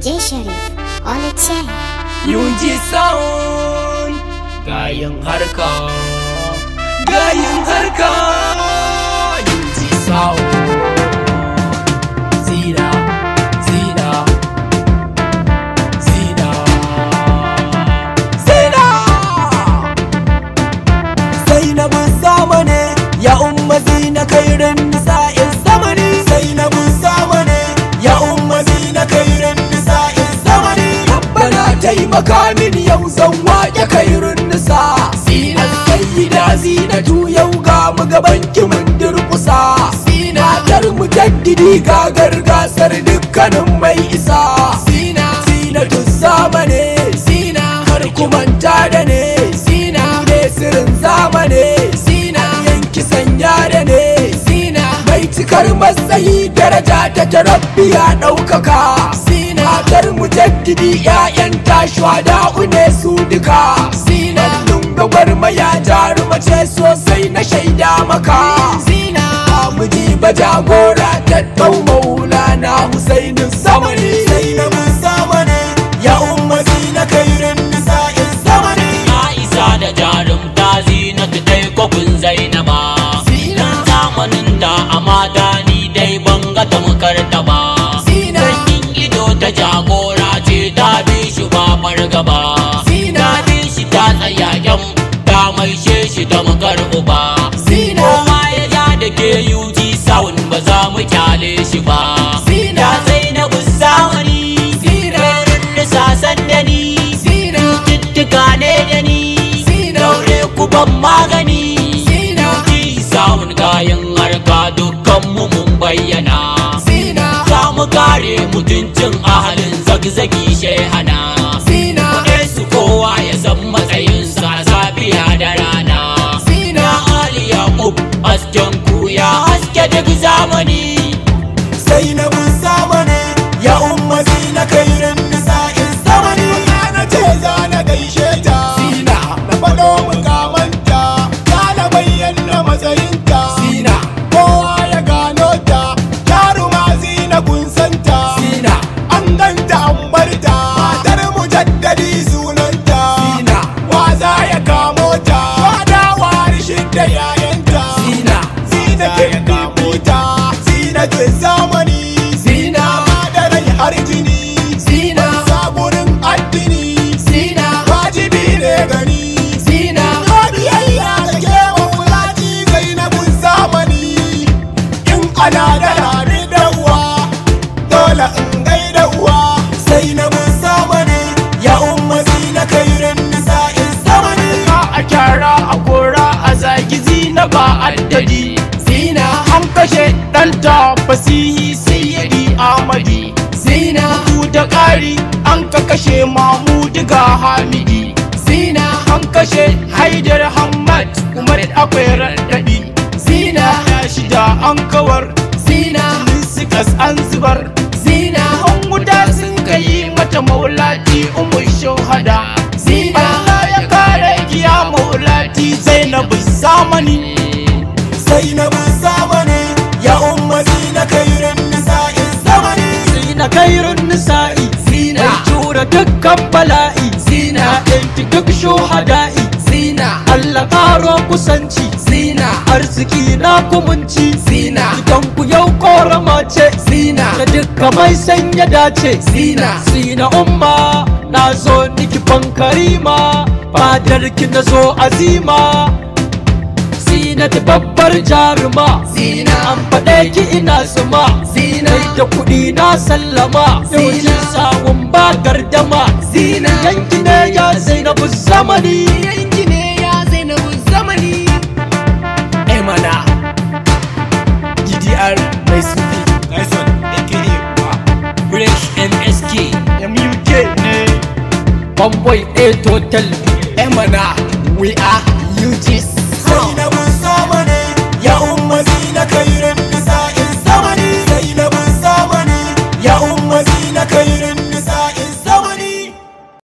J Sharif on the chain. sound, gayan harka, gayan harka. taimaka yau zan waƙe kai nisa sina sayyida zinatu yau ga mu gaban ki mun durƙusa sina kar mu jaddidi ga gargasar dukkanin mai isa sina zinatu zamane sina har ku manta da ne sina ne sirrin zamane sina yanki sanya da ne Mai cikar matsayi daraja ta tarabbiya ɗaukaka matar mu mujaddidi ƴaƴan tashuwa da ne su duka zina gwagwarmaya jarumace sosai na shaida maka zina mu ji ba jagora tattau gaba Daɗin shi ta tsaya yam ta maishe shi da makar uba Koma ya ja da ke yuji sound ba za mu kyale shi ba Ya zainabu zamani Daurin da sasan da ni Cututtuka ne da ni Daure ku ban magani Yuji sound kayan harka dukkanmu mun bayyana Za mu kare mutuncin ahalin zagzagi shehana ba addadi zina an kashe ta fasihi sayyidi amadi zina ku da ƙari an ka kashe mahmud ga hamidi zina an kashe haidar hamad kuma akwai raddadi zina ya shida an kawar zina sikas an zubar zina an guda sun kai mata maulaci umar shahada zainabu zamani ya ummati na kairun nisa'i zamani zina kairun nisa'i zina tura dukkan bala'i zina ɗanki duk shuhada'i zina Allah ƙaro kusanci zina arziki na kumunci zina idan ku yau korama ce zina da dukka mai sanya dace zina zina umma na zo niki ban karima fadar ki na zo azima Zinati babbar jaruma Zina An faɗe ki ina zuma Zina Mai da kuɗi na sallama Zina sawun ba gardama Zina Yanki ne ya Zainabu zamani Yanki ne ya Zainabu zamani Emana GDR mai sufi Tyson yi wa. Break MSK MUK ne Bamboy A Total Emana eh, We are UGC